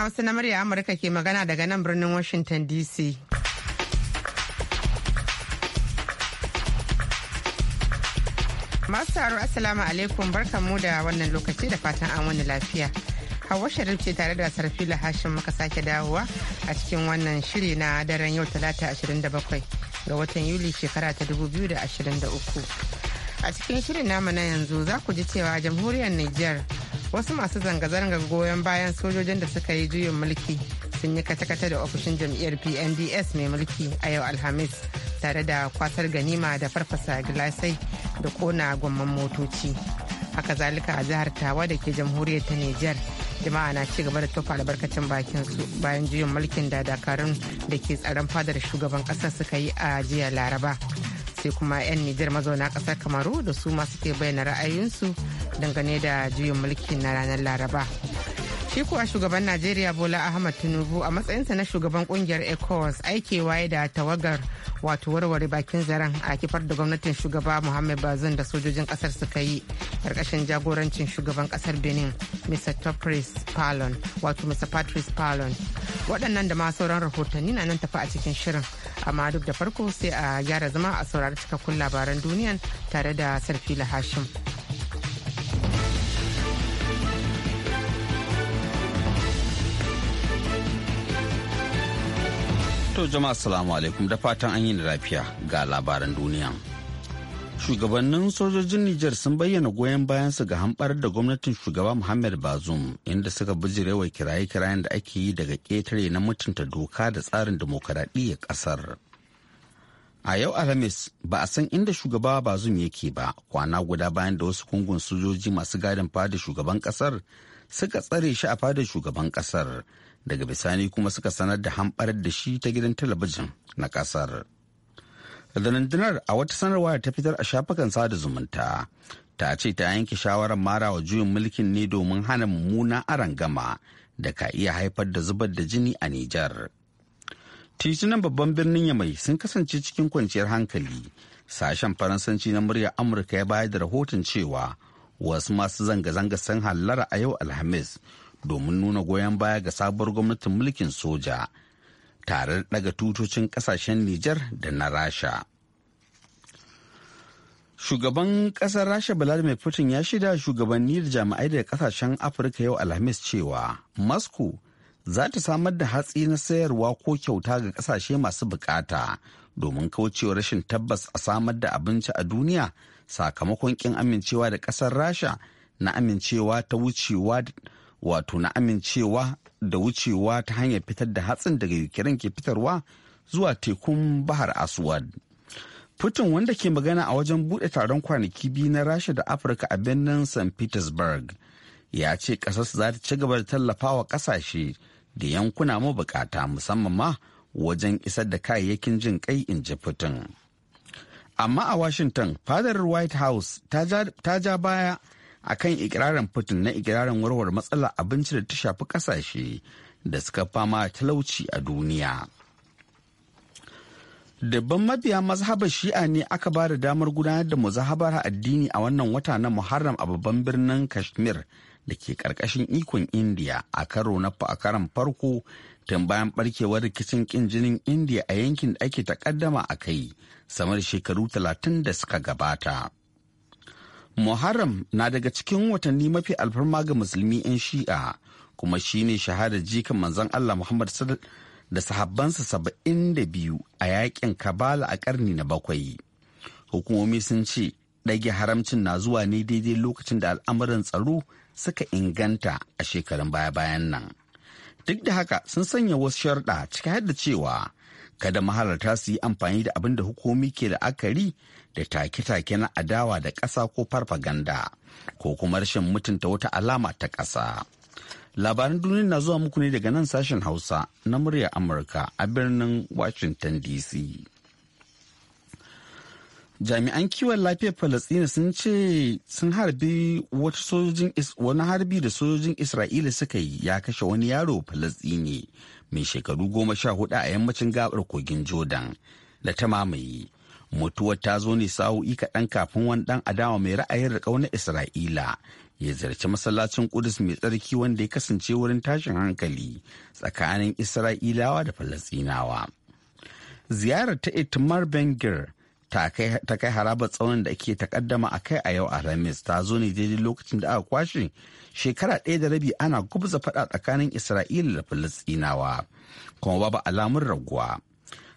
Hausa na murya Amurka ke magana daga nan birnin Washington DC. Masu taro Assalamu alaikum barkanmu da wannan lokaci da fatan an wani lafiya. hawa Sharif ce tare da Sarfila Hashim muka sake dawowa a cikin wannan shiri na daren yau talata 27 ga watan Yuli shekara ta 2023. A cikin shirin namu na yanzu za ku ji cewa jamhuriyar Nijar wasu masu zanga zanga goyon bayan sojojin da suka yi juyin mulki sun yi kata-kata da ofishin jam'iyyar pnds mai mulki a yau alhamis tare da kwasar ganima da farfasa gilasai da kona gwamman motoci haka zalika a jihar tawa da ke jamhuriyar ta niger jama'a na ci gaba da tofa albarkacin bakin su bayan juyin mulkin da dakarun da ke tsaron fadar shugaban kasar suka yi a jiya laraba sai kuma 'yan nijar mazauna kasar kamaru da su ma suke bayyana ra'ayinsu dangane da juyin mulki na ranar laraba shi kuwa shugaban najeriya bola ahmad tinubu a matsayinsa na shugaban kungiyar ecowas aikewa da tawagar wato warware bakin zaren a kifar da gwamnatin shugaba muhammad bazin da sojojin kasar suka yi karkashin jagorancin shugaban kasar benin mr patrice palon wato mr patrice palon waɗannan da ma sauran rahotanni na nan tafi a cikin shirin amma duk da farko sai a gyara zama a saurari cikakkun labaran duniyan tare da sarfila hashim To jama'a salamu alaikum da fatan an yi lafiya ga labaran duniya. Shugabannin sojojin Nijar sun bayyana goyon bayan su ga hamɓar da gwamnatin shugaba Muhammad Bazoum inda suka bijirewa kiraye-kirayen da ake yi daga ƙetare na mutunta doka da tsarin demokaradiyyar ƙasar. A yau Alhamis ba a san inda shugaba Bazoum yake ba kwana guda bayan da wasu kungun sojoji masu gadin fada shugaban ƙasar suka tsare shi a fadar shugaban ƙasar. daga bisani kuma suka sanar da hamɓar da shi ta gidan talabijin na ƙasar. rundunar a wata sanarwa da ta fitar a shafukan sada zumunta ta ce ta yanke shawarar mara wa juyin mulkin ne domin hana mummuna arangama da ka iya haifar da zubar da jini a Nijar. titunan babban birnin ya mai sun kasance cikin kwanciyar hankali sashen faransanci na muryar amurka ya bayar da rahoton cewa wasu masu zanga-zanga sun hallara a yau alhamis domin nuna goyon baya ga sabuwar gwamnatin mulkin soja tare da daga tutocin kasashen Nijar da na Rasha. Shugaban kasar Rasha Vladimir Putin ya shida shugabanni da jami'ai daga kasashen Afirka yau Alhamis cewa Moscow za ta samar da hatsi na sayarwa ko kyauta ga kasashe masu bukata domin kaucewa rashin tabbas a samar da abinci a duniya sakamakon kin amincewa da kasar rasha na amincewa ta wucewa wato na amincewa da wucewa ta hanyar fitar da hatsin daga ukraine ke fitarwa zuwa tekun bahar aswad putin wanda ke magana a wajen bude taron kwanaki biyu na rasha da afirka a birnin st petersburg ya ce ƙasar za ta ci gaba da wa ƙasashe da yankuna mabukata musamman ma wajen isar da kayayyakin jin kai in ji putin amma a washington fadar white house ta ja baya a kan ikirarin Putin na ikirarin warware matsalar abinci da ta shafi kasashe da suka fama talauci a duniya. Dabban mabiya mazhabar shi'a ne aka ba da damar gudanar da muzahabar addini a wannan wata na Muharram a babban birnin Kashmir da ke karkashin ikon india a karo na a karan farko tun bayan barkewar rikicin kin jinin india a yankin da ake takaddama a kai samar shekaru talatin da suka gabata. Muharram na daga cikin watanni mafi alfarma ga musulmi 'yan shi'a kuma shi ne shahadar jikan manzon Allah Muhammad da sahabbansa saba'in da biyu a yakin Kabala a karni na bakwai. Hukumomi sun ce ɗage haramcin na zuwa ne daidai lokacin da al'amuran tsaro suka inganta a shekarun baya-bayan nan. Duk da haka sun sanya wasu sharɗa ciki da cewa kada mahalarta su yi amfani da abin da hukumi ke la'akari da take-take na adawa da ƙasa ko farfaganda ko kuma rashin mutunta wata alama ta ƙasa. Labaran duniya na zuwa muku ne daga nan sashen Hausa na muryar Amurka a birnin Washington DC. Jami'an kiwon lafiyar Falasɗina sun ce sun harbi wani harbi da sojojin Isra'ila suka yi ya kashe wani yaro Falasɗini mai shekaru goma sha hudu a yammacin gabar kogin Jordan da ta mamaye. mutuwar ta zo ne sa'o'i kaɗan kafin wani ɗan adawa mai ra'ayin riƙau na isra'ila ya ziyarci masallacin kudus mai tsarki wanda ya kasance wurin tashin hankali tsakanin isra'ilawa da falasinawa ziyarar ta itamar bengir ta kai haraba tsaunin da ake takaddama a kai a yau a Ramis ta zo ne daidai lokacin da aka kwashe shekara ɗaya da rabi ana gubza faɗa tsakanin isra'ila da falasinawa kuma babu alamun raguwa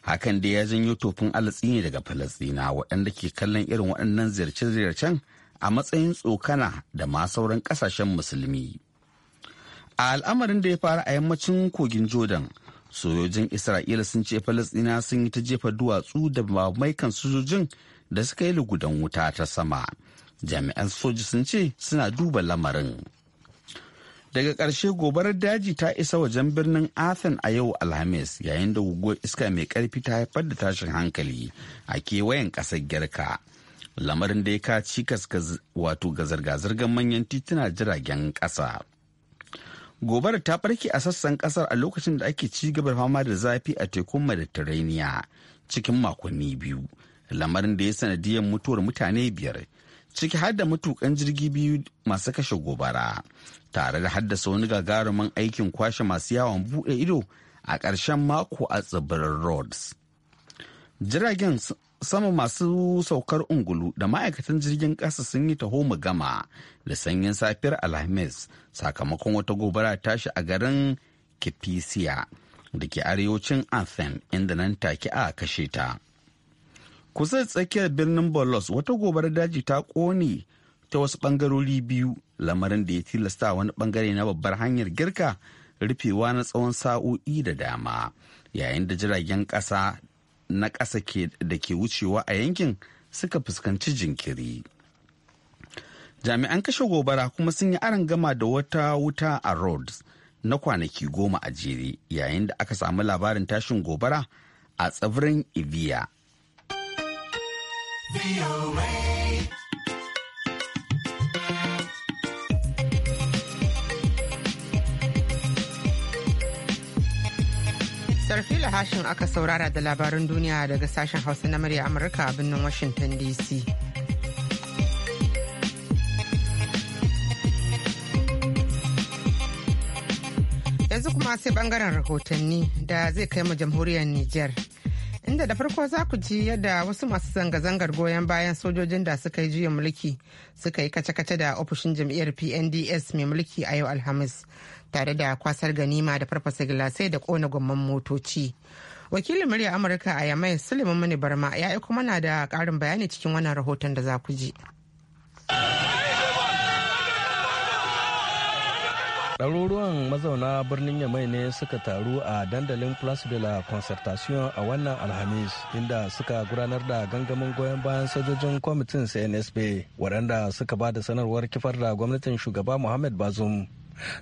hakan da ya janyo tofin alatsi daga falastina waɗanda ke kallon irin waɗannan ziyarce-ziyarcen a matsayin tsokana da ma sauran ƙasashen musulmi a al'amarin da ya fara a yammacin kogin jordan sojojin isra'ila sun ce falastina sun yi ta jefa duwatsu da mamaikan sojojin da suka yi lugudan wuta ta sama jami'an soji sun ce suna duba lamarin daga ƙarshe gobarar daji ta isa wajen birnin Athens a yau Alhamis yayin da guguwar iska mai ƙarfi ta haifar da tashin hankali a kewayen ƙasar Girka. Lamarin da ya ka cikas wato ga zirga-zirgar manyan tituna jiragen ƙasa. Gobarar ta ɓarke a sassan ƙasar a lokacin da ake ci gaba fama da zafi a tekun Mediterranean cikin makonni biyu. Lamarin da ya sanadiyar mutuwar mutane biyar ciki har da matukan jirgi biyu masu kashe gobara tare da haddasa wani gagarumin aikin kwashe masu yawon bude ido a ƙarshen mako a tsibirin rhodes jiragen sama masu saukar ungulu da ma'aikatan jirgin ƙasa sun yi taho mu gama da sanyin safiyar alhamis sakamakon wata gobara tashi a garin Kipisiya, da ke arewacin anthem inda nan take a kashe ta. kusa da tsakiyar birnin bolos wata gobar daji ta kone ta wasu bangarori biyu lamarin da ya tilasta wani bangare na babbar hanyar girka rufewa na tsawon sa'o'i da dama yayin da jiragen ƙasa na ƙasa da ke wucewa a yankin suka fuskanci jinkiri jami'an kashe gobara kuma sun yi aron gama da wata wuta a rhodes na kwanaki goma a jere yayin da aka samu labarin tashin gobara a tsibirin ibiya Sarfila hashin aka saurara da labarin duniya daga sashen Hausa na murya Amurka a birnin Washington DC. Yanzu kuma sai bangaren rahotanni da zai kai mu jamhuriyar Nijar. inda da farko za ku ji yadda wasu masu zanga-zangar goyon bayan sojojin da suka yi juyin mulki suka yi kace-kace da ofishin jam'iyyar pnds mai mulki a yau alhamis tare da kwasar ganima da farfasa gilasai da kona gomman motoci wakilin murya amurka a yamai suleiman mani barma ya aiko na da karin bayani cikin wannan rahoton da za ku ji. ɗaruruwan mazauna birnin yamai ne suka taru a dandalin place de la concertation a wannan alhamis inda suka gudanar da gangamin goyon bayan sojojin kwamitin cnsp waɗanda suka ba da sanarwar kifar da gwamnatin shugaba mohamed bazum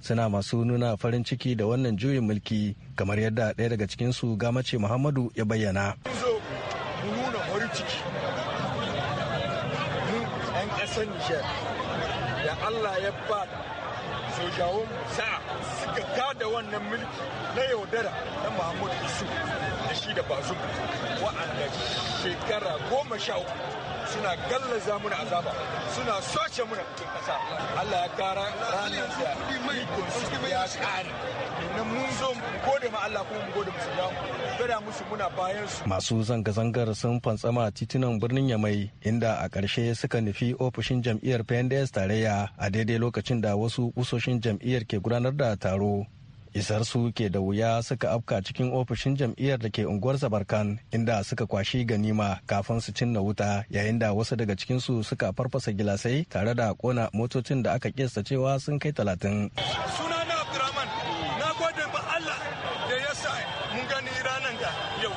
suna masu nuna farin ciki da wannan juyin mulki kamar yadda ɗaya daga cikinsu gamace muhammadu ya bayyana da Allah ya ba sojawun sa'a suka gada wannan mulki na yaudara na mahmud isu da shi da wa'anda shekara goma sha uku suna gallaza muna azaba suna soce muna cikin kasa Allah ya kara ranar da ikon ya kare na mun zo mu gode ma Allah kuma mu gode musu jamu gada musu muna bayan su masu zanga-zangar sun fantsama titunan birnin Yamai inda a ƙarshe suka nufi ofishin jam'iyyar PNDS tarayya a daidai lokacin da wasu kusoshin jam'iyyar ke gudanar da taro isar su ke da wuya suka afka cikin ofishin jam'iyyar da ke unguwar zabarkan inda suka kwashi ganima kafin su cinna wuta yayin da wasu daga cikinsu suka farfasa gilasai tare da kona motocin da aka kesa cewa sun kai talatin. na abdurrahman na gode ba allah da ya sa mun gani ranar da yau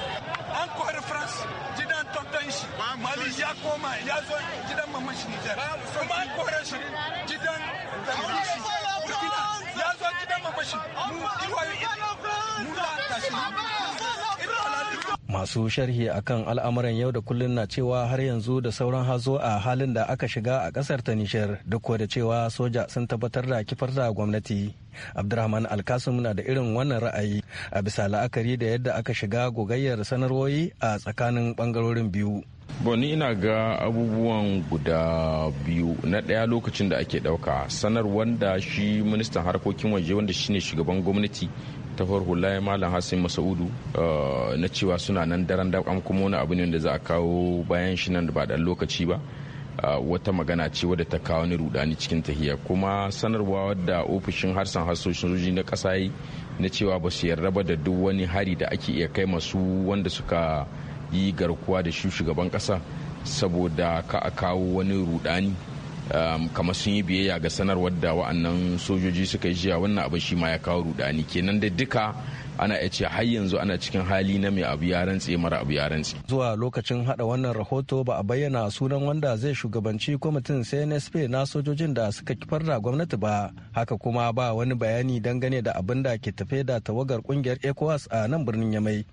an kwari france gidan tattan shi mali ya koma ya zo gidan mamashi nijar kuma an kore shi gidan da Masu sharhi akan al'amuran yau da kullum na cewa har yanzu da sauran hazo a halin da aka shiga a kasar ta Nishar duk da cewa soja sun tabbatar da kifar da gwamnati. Abdurrahman Alkasum na da irin wannan ra'ayi a bisa la'akari da yadda aka shiga gogayyar sanarwoyi a tsakanin bangarorin biyu. Boni ina ga abubuwan guda biyu na ɗaya lokacin da ake ɗauka sanar wanda shi ministan harkokin waje wanda shine shugaban gwamnati ta hula malam hassan masaudu eh, na cewa suna nan daren da kuma wani abu ne wanda za a kawo bayan shi nan da ba dan lokaci ba eh, wata magana ce wadda ta kawo ni rudani cikin tahiya kuma sanarwa wadda ofishin harsan hassoshin ruji na kasa na cewa ba su yarda ba da duk wani hari da ake iya kai masu wanda suka yi garkuwa da shi shugaban kasa saboda ka a kawo wani rudani um, kamar sun yi biyayya ga sanarwar da wa'annan sojoji suka yi jiya wannan abin shi ma ya kawo rudani kenan da duka ana iya ce har yanzu ana cikin hali na mai abu ya rantse mara abu ya rantse. Zuwa lokacin hada wannan rahoto ba a bayyana sunan wanda zai shugabanci kwamitin CNSP na sojojin da suka kifar da gwamnati ba. Haka kuma ba wani bayani dangane da abin da ke tafe da tawagar kungiyar ECOWAS a nan birnin Yamai.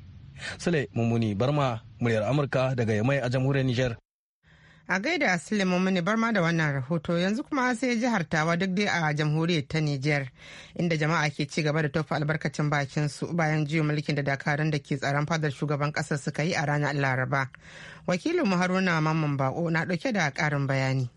Sule Mummuni Barma muryar Amurka daga Yamai a jamhuriyar Nijar. A gaida Sule Mummuni Barma da wannan rahoto yanzu kuma sai jihar Tawa duk dai a jamhuriyar ta Nijar inda jama'a ke ci gaba da tofa albarkacin bakin su bayan jiyo mulkin da dakarun da ke tsaron fadar shugaban kasar suka yi a ranar Laraba. Wakilin Haruna Mamman Bako na dauke da karin bayani.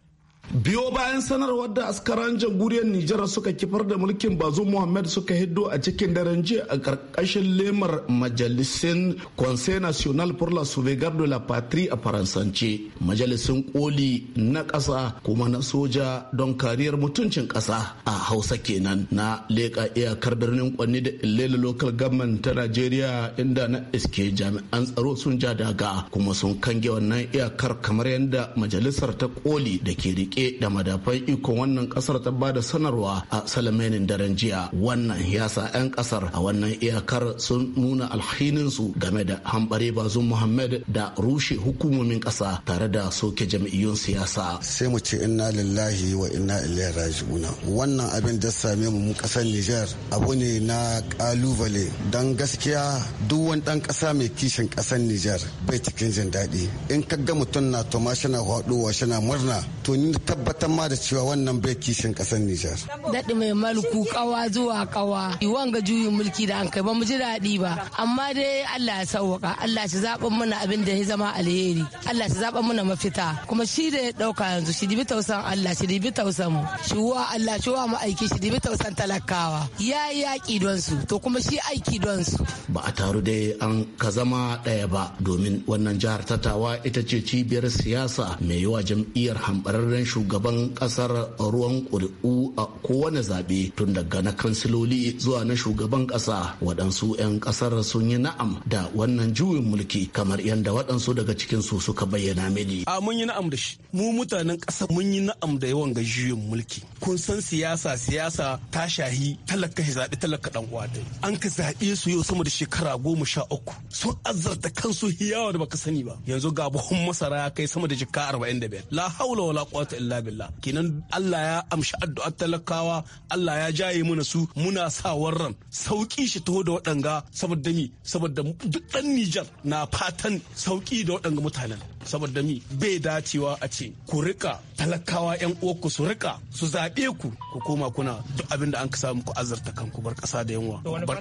biyo bayan sanarwar da askaran jamhuriyar nijar suka kifar da mulkin bazu muhammad suka hiddo a cikin daren jiya a karkashin lemar majalisin conseil national pour la sauvegarde de la patrie a faransance majalisin koli na kasa kuma na soja don kariyar mutuncin kasa a hausa kenan na leƙa iyakar birnin kwanni da ilela local government ta najeriya inda na iske jami'an tsaro sun ja daga kuma sun kange wannan iyakar kamar yadda majalisar ta koli da ke rike da madafan ikon wannan kasar ta bada sanarwa a salamanin daren jiya wannan ya sa 'yan kasar a wannan iyakar sun nuna alhininsu game da hambare bazun muhammad da rushe hukumomin kasa tare da soke jam'iyyun siyasa sai mu ce inna lillahi wa inna ilaihi raji'una wannan abin da same mu mun kasar niger abu ne na kalubale don gaskiya duk wani dan kasa mai kishin kasar niger bai cikin jin daɗi in ka ga mutum na toma shana faɗowa na murna to ni tabbatar ma da cewa wannan bai kishin kasar Nijar. Daɗi mai malku kawa zuwa kawa. iwan ga juyin mulki da an kai ba mu ji daɗi ba. Amma dai Allah ya sauwaka. Allah shi zaɓin mana abin da ya zama alheri. Allah shi zaɓin mana mafita. Kuma shi da ya ɗauka yanzu shi dibi tausan Allah shi dibi tausan mu. Shi wa Allah shi wa aiki shi dibi tausan talakawa. Ya yi yaƙi don su to kuma shi aiki don su. Ba a taru dai an ka zama ɗaya ba domin wannan jihar tatawa ita ce cibiyar siyasa mai yawa jam'iyyar hambar kwararren shugaban kasar ruwan ƙuri'u a kowane zaɓe tun daga na kansiloli zuwa na shugaban ƙasa waɗansu 'yan ƙasar sun yi na'am da wannan juyin mulki kamar yadda waɗansu daga cikin su suka bayyana mini. A mun yi na'am da shi. Mu mutanen ƙasa mun yi na'am da yawan ga juyin mulki. Kun san siyasa siyasa ta shahi talaka shi zaɓi talaka ɗan uwa An ka zaɓe su yau sama da shekara goma sha uku. Sun azarta kansu hiyawa da baka sani ba. Yanzu ga buhun masara ya kai sama da jikka arba'in da biyar. La haula wala wala quwwata illa billah kenan Allah ya amshi addu'ar talakawa Allah ya jaye mana su muna sa warran sauki shi taho da waɗanga saboda mi saboda duk dan Nijar na fatan sauki da waɗanga mutanen saboda mi bai dacewa a ce ku rika talakawa yan uwanku su rika su zaɓe ku ku koma kuna duk abin da an ka samu ku kan kanku bar ƙasa da yanwa bar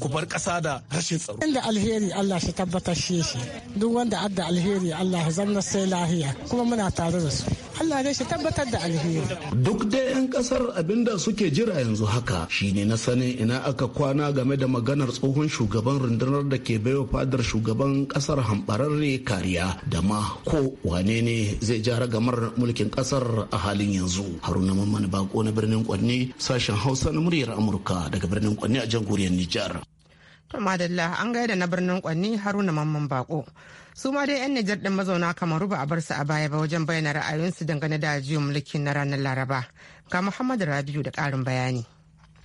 ku bar ƙasa da rashin tsaro inda alheri Allah shi tabbatar shi duk wanda adda alheri Allah zanna sai lahiya kuma muna tare da su Allah dai shi tabbatar da alheri duk dai yan kasar abinda suke jira yanzu haka shi ne na sani ina aka kwana game da maganar tsohon shugaban rundunar da ke baiwa fadar shugaban kasar hambararre kariya da ma ko wane ne zai ja ragamar mulkin kasar a halin yanzu haruna mamman bako na birnin kwanne sashen hausa na muryar amurka daga birnin kwanne a jamhuriyar nijar To madalla an gaida na birnin kwanni Haruna Mamman Bako. Su ma dai 'yan Nijar ɗin mazauna kamar ruba a bar su a baya ba wajen bayyana ra'ayoyinsu dangane da ajiyar mulkin na ranar Laraba. Ga Muhammad Rabiu da ƙarin bayani.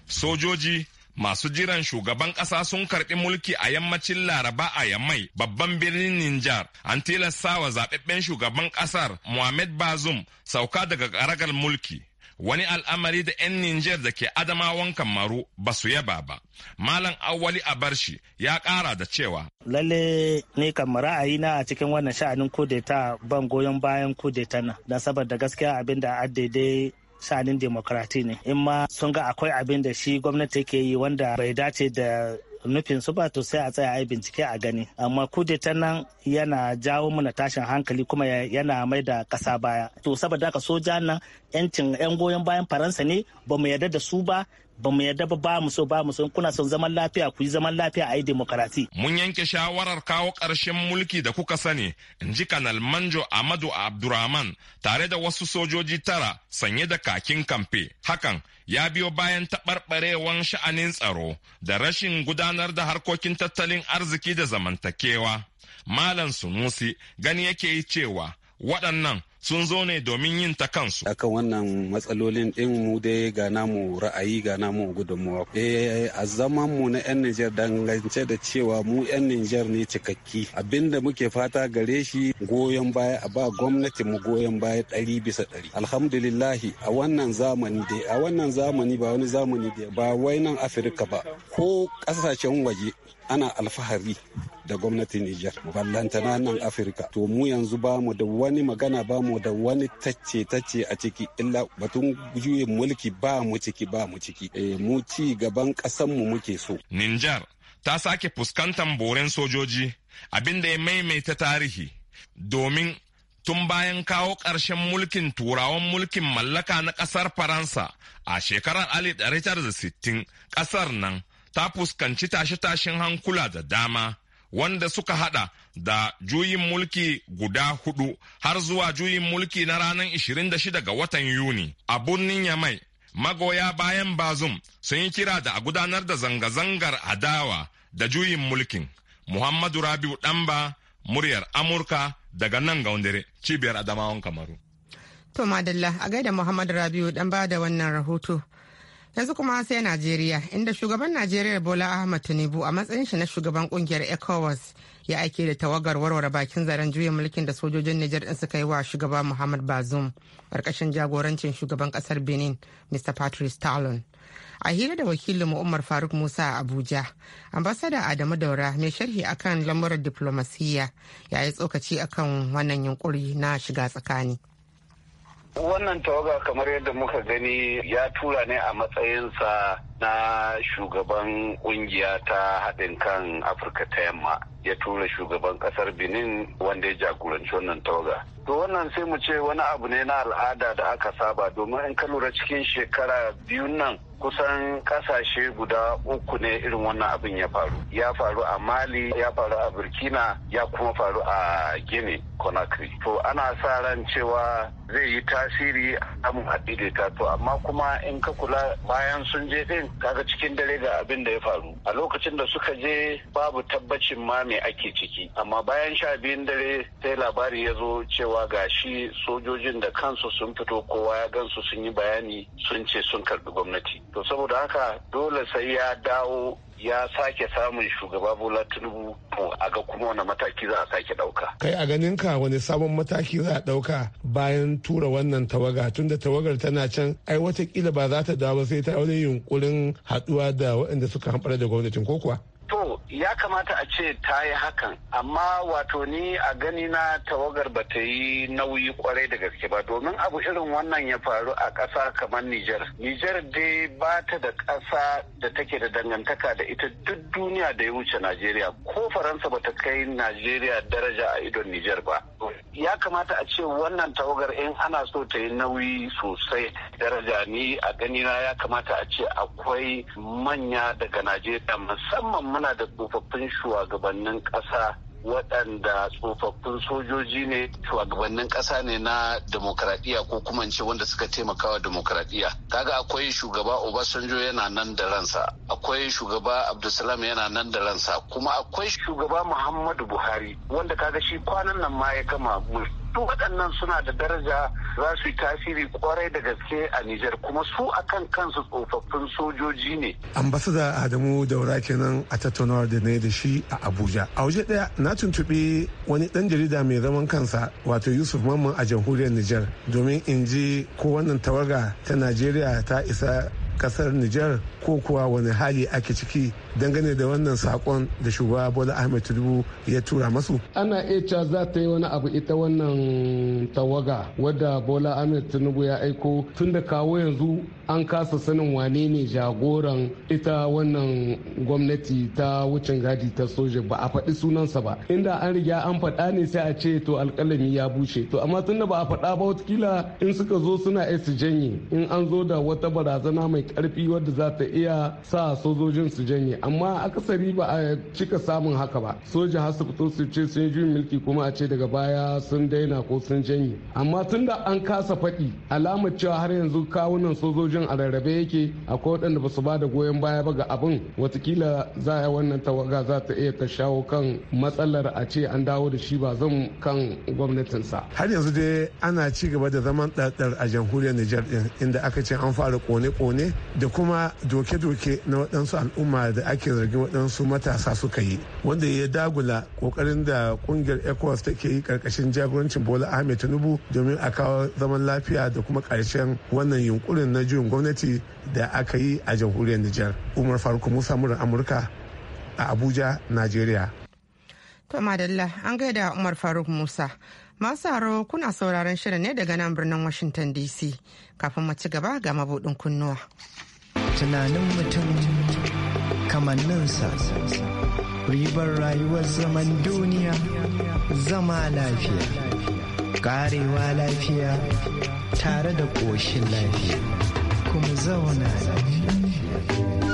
Sojoji masu jiran shugaban ƙasa sun karɓi mulki a yammacin laraba a yammai babban birnin Nijar an tilasta wa zaɓaɓɓen shugaban ƙasar Muhammad bazum sauka daga ƙaragar mulki wani al'amari da 'yan Nijar da ke adamawan kamaru ba su yaba ba. Malam a bar shi ya kara da cewa. Lalle ne ra'ayi na a cikin wannan sha'anin kudeta ban goyon bayan kudeta na, don saboda gaskiya abin da daidai sha'anin demokrati ne. In ma sun ga akwai abin da shi gwamnati ke yi wanda bai dace da nufin su ba to sai a tsaya ai bincike a gani amma kudeta nan yana jawo mana tashin hankali kuma yana mai da ƙasa baya to saboda haka soja nan yancin yan goyon bayan faransa ne ba mu yarda da su ba ba mu yarda ba ba mu so ba mu so kuna son zaman lafiya ku yi zaman lafiya a yi demokarasi. Mun yanke shawarar kawo ƙarshen mulki da kuka sani in ji kanal Manjo Amadu Abdurrahman tare da wasu sojoji tara sanye da kakin kamfe. Hakan ya biyo bayan taɓarɓarewan sha'anin tsaro da rashin gudanar da harkokin tattalin arziki da zamantakewa. Malam Sunusi gani yake yi cewa waɗannan sun zo ne domin yin ta kansu. Akan wannan matsalolin ɗin mu dai ga namu ra'ayi ga namu gudunmuwa. Eh a zaman mu na 'yan Nijar dangance da cewa mu 'yan Nijar ne cikakki. Abinda muke fata gare shi goyon baya a ba gwamnati mu goyon baya ɗari bisa ɗari. Alhamdulillahi a wannan zamani dai a wannan zamani ba wani zamani dai ba wai nan Afirka ba ko ƙasashen waje ana alfahari da gwamnatin Nijar ballantana nan Afirka to mu yanzu ba mu da wani magana ba mu da wani tacce tacce a ciki illa batun juyin mulki ba mu ciki ba mu ciki eh, mu ci gaban ƙasan mu muke so Nijar ta sake fuskantar boren sojoji abinda ya maimaita tarihi domin tun bayan kawo ƙarshen mulkin turawan mulkin mallaka na ƙasar Faransa a shekarar 1960 ƙasar nan ta fuskanci tashe-tashen hankula da dama wanda suka hada da juyin mulki guda hudu har zuwa juyin mulki na ranar 26 ga watan Yuni. A birnin Yamai, magoya bayan Bazum sun yi kira da a gudanar da zanga-zangar adawa da juyin mulkin. Muhammadu Rabiu Ɗanba, muryar Amurka daga nan gaundare, cibiyar Adamawan Kamaru. To Madalla, a gaida Muhammadu Rabiu Ɗanba da wannan rahoto. yanzu kuma sai najeriya inda shugaban najeriya bola ahmad tinubu a matsayin shi na shugaban kungiyar ecowas ya aike da tawagar warware bakin zaren juyin mulkin da sojojin nijar din suka yi wa shugaba muhammad bazoum karkashin jagorancin shugaban kasar benin mr patrice talon a hira da wakilinmu umar faruk musa a abuja ambasada adamu daura mai sharhi akan lamuran diplomasiyya ya yi tsokaci akan wannan yunkuri na shiga tsakani Wannan tawaga kamar yadda muka gani ya tura ne a matsayinsa na shugaban kungiya ta haɗin kan Afirka ta yamma. ya tura shugaban kasar benin wanda ya jagoranci wannan tawaga to wannan sai mu ce wani abu ne na al'ada da aka saba domin in ka lura cikin shekara biyu nan kusan kasashe guda uku ne irin wannan abin ya faru ya faru a mali ya faru a burkina ya kuma faru a gini conakry to ana sa ran cewa zai yi tasiri amu haɗe ta to amma kuma in ka kula bayan sun je din kaga cikin dare ga abin da ya faru a lokacin da suka je babu tabbacin ma ne ake ciki amma bayan sha biyun dare sai labari ya zo cewa gashi sojojin da kansu sun fito kowa ya gansu sun yi bayani sun ce sun karbi gwamnati to saboda haka dole sai ya dawo ya sake samun shugaba bola tinubu a ga kuma wani mataki za a sake dauka kai a ganin ka wani sabon mataki za a dauka bayan tura wannan tawaga tunda tawagar tana can ai watakila ba za ta dawo sai ta wani yunkurin haduwa da waɗanda suka hamɓar da gwamnatin ko kuwa To ya kamata a ce ta yi hakan amma wato ni a gani na tawagar ba ta yi nauyi kwarai da gaske ba domin abu irin wannan ya faru a ƙasa kamar Nijar. Nijar dai ba ta da ƙasa da take da dangantaka da ita duk duniya da ya wuce Najeriya ko Faransa ba ta kai Najeriya daraja a idon Nijar ba. ya kamata a ce wannan tawagar in ana so ta yi nauyi sosai daraja ni a ganina ya kamata a ce akwai manya daga najeriya musamman muna da tsofaffin shugabannin ƙasa waɗanda tsofaffin sojoji ne shugabannin ƙasa ne na demokradiyya ko kuma ce wanda suka taimaka wa demokradiyya kaga akwai shugaba obasanjo yana nan da ransa akwai shugaba abdulsalam yana nan da ransa kuma akwai shugaba muhammadu buhari wanda kaga shi kwanan nan ma ya gama duk waɗannan suna da daraja za su yi tasiri kwarai da gaske a Nijar kuma su akan kansu tsofaffin sojoji ne. Ambasada Adamu Daura kenan a tattaunawar da na yi da shi a Abuja. A waje ɗaya na tuntuɓi wani ɗan jarida mai zaman kansa wato Yusuf Mamman a jamhuriyar Nijar domin in ji ko wannan tawaga ta Najeriya ta isa kasar Nijar ko kuwa wani hali ake ciki dangane da wannan sakon da shugaba Bola Ahmed Tinubu ya tura masu. Ana iya za ta yi wani abu ita wannan tawaga wadda Bola Ahmed Tinubu ya aiko tun da kawo yanzu an kasa sanin wane ne jagoran ita wannan gwamnati ta wucin gadi ta soja ba a faɗi sunansa ba inda an riga an faɗa ne sai a ce to alƙalami ya bushe to amma tunda ba a faɗa ba kila in suka zo suna su janye in an zo da wata barazana mai karfi wadda za ta iya sa sojojin su janye amma akasari ba a cika samun haka ba soja har su fito su ce sun yi mulki kuma a ce daga baya sun daina ko sun janye amma tunda an kasa faɗi alamar cewa har yanzu kawunan sojojin a rarrabe yake akwai waɗanda ba su ba da goyon baya ba ga abin watakila za a yi wannan tawaga za ta iya ta shawo kan matsalar a ce an dawo da shi ba zan kan gwamnatinsa har yanzu dai ana ci gaba da zaman ɗaɗɗar a jamhuriyar nijar din inda aka ce an fara kone-kone da kuma doke-doke na waɗansu al'umma da ake zargin waɗansu matasa suka yi wanda ya dagula ƙoƙarin da ƙungiyar ecowas take yi ƙarƙashin jagorancin bola ahmed tinubu domin a kawo zaman lafiya da kuma ƙarshen wannan yunkurin na juyin gwamnati da aka yi a jamhuriyar nijar umar faruk musa murar amurka a abuja Najeriya. to madalla an gaida umar faruk musa Masu haro kuna sauraron shirin ne daga nan birnin Washington DC kafin mu ci gaba ga mabudin kunnuwa. Tunanin mutum kamanninsa ribar rayuwar zaman duniya zama lafiya karewa lafiya tare da ƙoshin lafiya kuma zauna lafiya.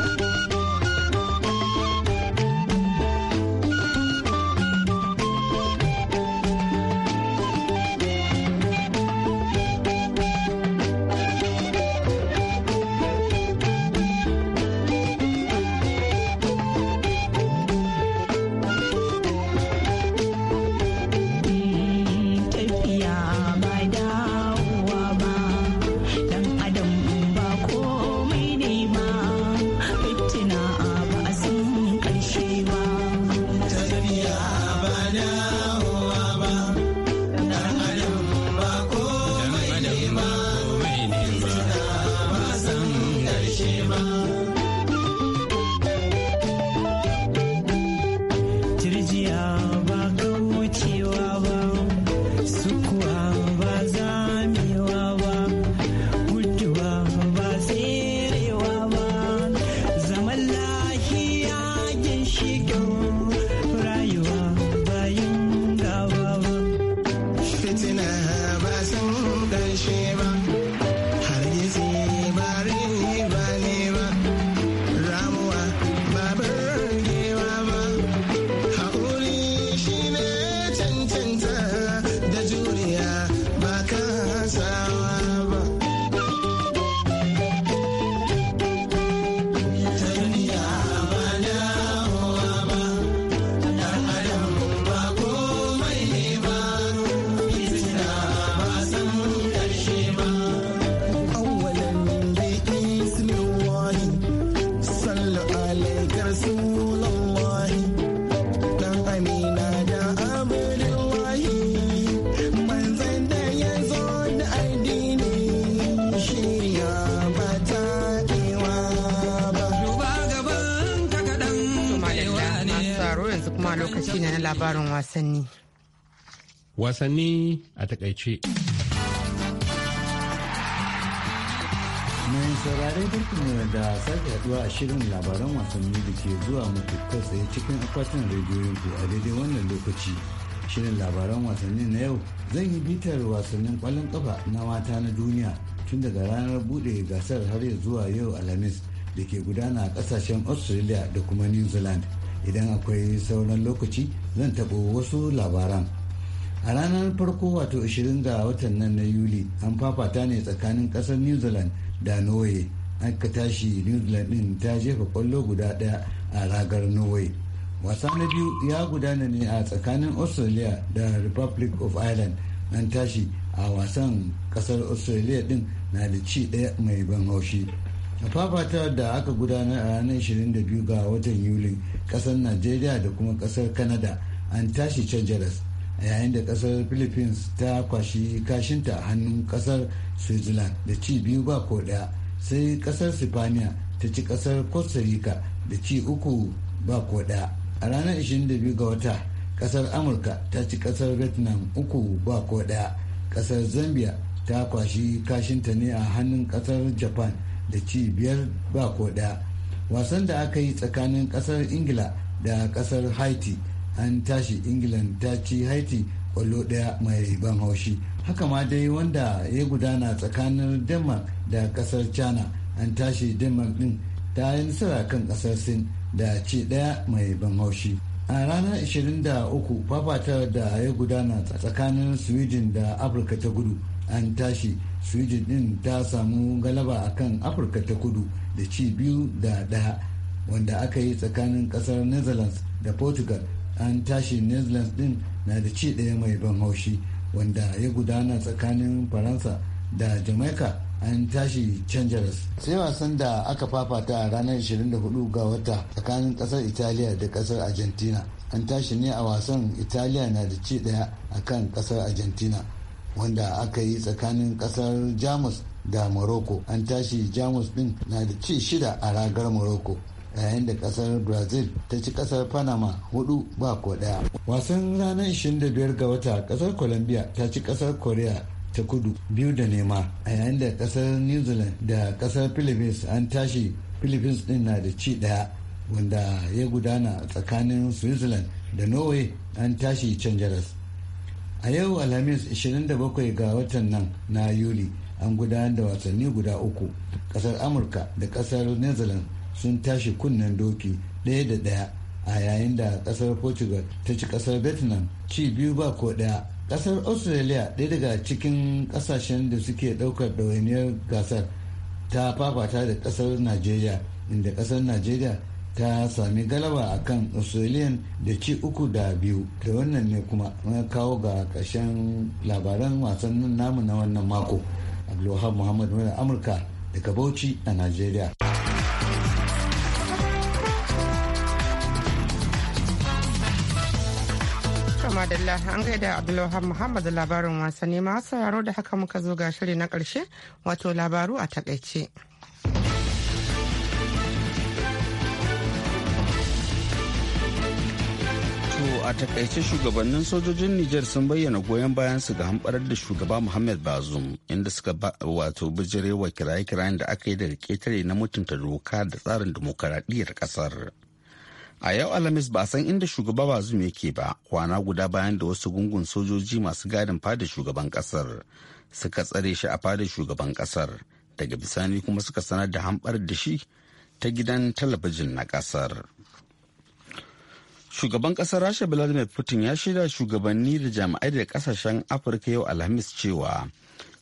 sauraro yanzu kuma lokaci ne na labarin wasanni. Wasanni a takaice. Mai saurare barkinmu da sake haduwa a shirin labaran wasanni da ke zuwa muku kai tsaye cikin akwatin rediyoyin ku a daidai wannan lokaci. Shirin labaran wasanni na yau zan yi bitar wasannin kwallon kafa na mata na duniya tun daga ranar bude gasar har zuwa yau alhamis da ke gudana a kasashen Australia da kuma New Zealand. idan akwai sauran lokaci zan taɓo wasu labaran a ranar farko wato 20 ga watan nan na yuli an fafata ne tsakanin ƙasar new zealand da norway aka tashi new zealand din ta jefa kwallo guda daya a ragar norway wasa na biyu ya gudana ne a tsakanin australia da republic of ireland an tashi a wasan kasar australia din na da ci daya mai ban haushi a fafata da aka gudanar a ranar 22 ga watan yuli kasar najeriya da kuma kasar canada an tashi jaras a yayin da kasar philippines ta kwashi kashinta a hannun kasar switzerland da ci biyu ba ko daya sai kasar sipaniya ta ci kasar costa rica da ci uku ba ko daya a ranar 22 ga wata kasar amurka ta ci kasar vietnam uku ba ko daya kasar zambia ta kwashi kashinta ne a hannun kasar japan da ci biyar ba ko daya wasan da aka yi tsakanin kasar ingila da kasar haiti an tashi ingilan ta ci haiti kwallo daya mai ban haushi haka ma dai wanda ya gudana tsakanin denmark da kasar china an tashi denmark ɗin ta yi nasara kan kasar sin da ci daya mai ban haushi a ranar 23 fafatar da ya gudana tsakanin sweden da afirka ta gudu an tashi sweden din ta samu galaba a kan afirka ta kudu da ci biyu da daya wanda aka yi tsakanin kasar netherlands da portugal an tashi netherlands din na da ci daya mai ban haushi wanda ya gudana tsakanin faransa da jamaica an tashi canjaras sai wasan da aka fafata a ranar 24 ga wata tsakanin kasar italiya da kasar argentina an tashi ne a wasan italiya na da ci daya a kan kasar argentina wanda aka yi tsakanin kasar jamus da morocco an tashi jamus din na da ci shida a ragar morocco yayin da kasar brazil ta ci kasar panama hudu ba ko daya wasan ranar 25 ga wata kasar colombia ta ci kasar korea ta kudu biyu da nema a yayin da kasar new zealand da kasar philippines an tashi philippines din na da ci daya wanda ya gudana tsakanin switzerland da norway an tashi can jaras a yau alhamis 27 ga watan nan na yuli an gudanar da wasanni guda uku kasar amurka da kasar netherlands sun tashi kunnen doki ɗaya da ɗaya a yayin da kasar portugal ta ci kasar vietnam ci biyu ba ko ɗaya kasar australia ɗaya daga cikin kasashen da suke ɗaukar ɗawainiyar gasar ta fafata da kasar najeriya inda kasar najeriya ta sami galaba a kan australian da ci uku da biyu da wannan ne kuma mun kawo ga ƙarshen labaran wasannin namu na wannan mako abdulwahab muhammad wani amurka daga bauchi a nigeria madalla an gaida abdulwahab muhammad da labarin wasanni masu sauraro da haka muka zo ga shiri na karshe wato labaru a takaice. a takaice shugabannin sojojin Nijar sun bayyana goyon bayan su ga hamɓarar da shugaba Muhammad bazum inda suka wato bijirewa kiraye-kirayen da aka yi daga ketare na mutunta doka da tsarin demokaradiyyar ƙasar. A yau Alhamis ba san inda shugaba Bazoum yake ba kwana guda bayan da wasu gungun sojoji masu gadin fada shugaban ƙasar suka tsare shi a fada shugaban ƙasar daga bisani kuma suka sanar da hamɓar da shi ta gidan talabijin na ƙasar. shugaban kasar rasha vladimir putin ya shaida shugabanni da jami'ai da kasashen afirka yau alhamis cewa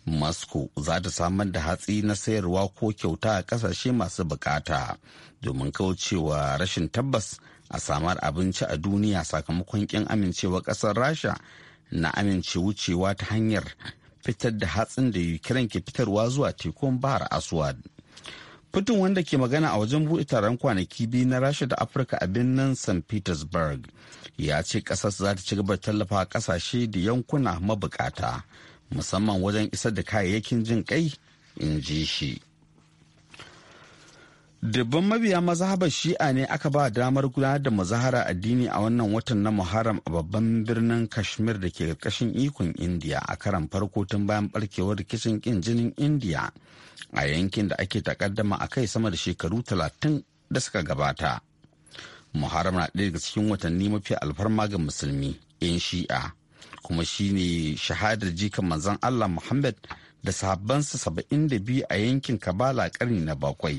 moscow za ta samar da hatsi na sayarwa ko kyauta a kasashe masu bukata domin kaucewa rashin tabbas a samar abinci a duniya sakamakon kin amincewa kasar rasha na amince wucewa ta hanyar fitar da hatsin da ukraine ke fitarwa zuwa tekun bahar aswad Putin wanda ke magana a wajen buɗe taron kwanaki biyu na Rasha da Afirka a birnin St. Petersburg ya ce ƙasar za ta ci gaba da tallafa ƙasashe da yankuna mabukata musamman wajen isar da kayayyakin jin kai in ji shi. Dubban mabiya mazhabar shi'a ne aka ba damar gudanar da mazahara addini a wannan watan na Muharram a babban birnin Kashmir da ke ƙarƙashin ikon Indiya a karan farko tun bayan barkewar rikicin ƙin jinin Indiya a yankin da ake takaddama a kai sama da shekaru talatin da suka gabata. Muharram na ɗaya daga cikin watanni mafi alfarma ga musulmi 'yan shi'a kuma shine shahadar jikan manzon Allah Muhammad da sahabbansa biyu a yankin Kabala karni na bakwai.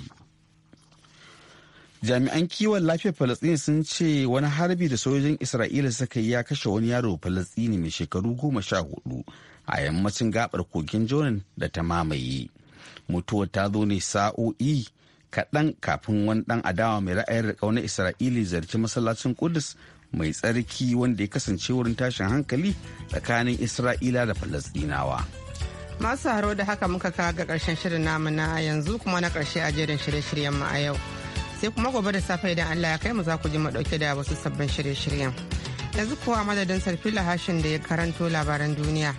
jami'an kiwon lafiyar falastini sun ce wani harbi da sojojin isra'ila suka yi ya kashe wani yaro falastini mai shekaru goma sha hudu a yammacin gabar kogin jordan da ta mamaye mutuwar ta zo ne sa'o'i kaɗan kafin wani ɗan adawa mai ra'ayin riƙa wani isra'ili zarci masallacin kudus mai tsarki wanda ya kasance wurin tashin hankali tsakanin isra'ila da falastinawa masu haro da haka muka kawo ga karshen shirin namu na yanzu kuma na karshe a jerin shirye-shiryen mu a yau sai kuma gobe da safe idan Allah ya kai mu za ku ji mu da wasu sabbin shirye-shiryen. Yanzu kuwa madadin sarfila lahashin da ya karanto labaran duniya.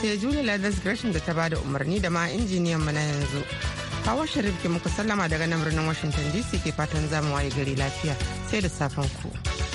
Sai Julie Lathers Gresham da ta bada umarni da ma injiniyan mu na yanzu. Hawa Sharif ke muku sallama daga nan birnin Washington DC ke fatan zamu waye gari lafiya sai da safen ku.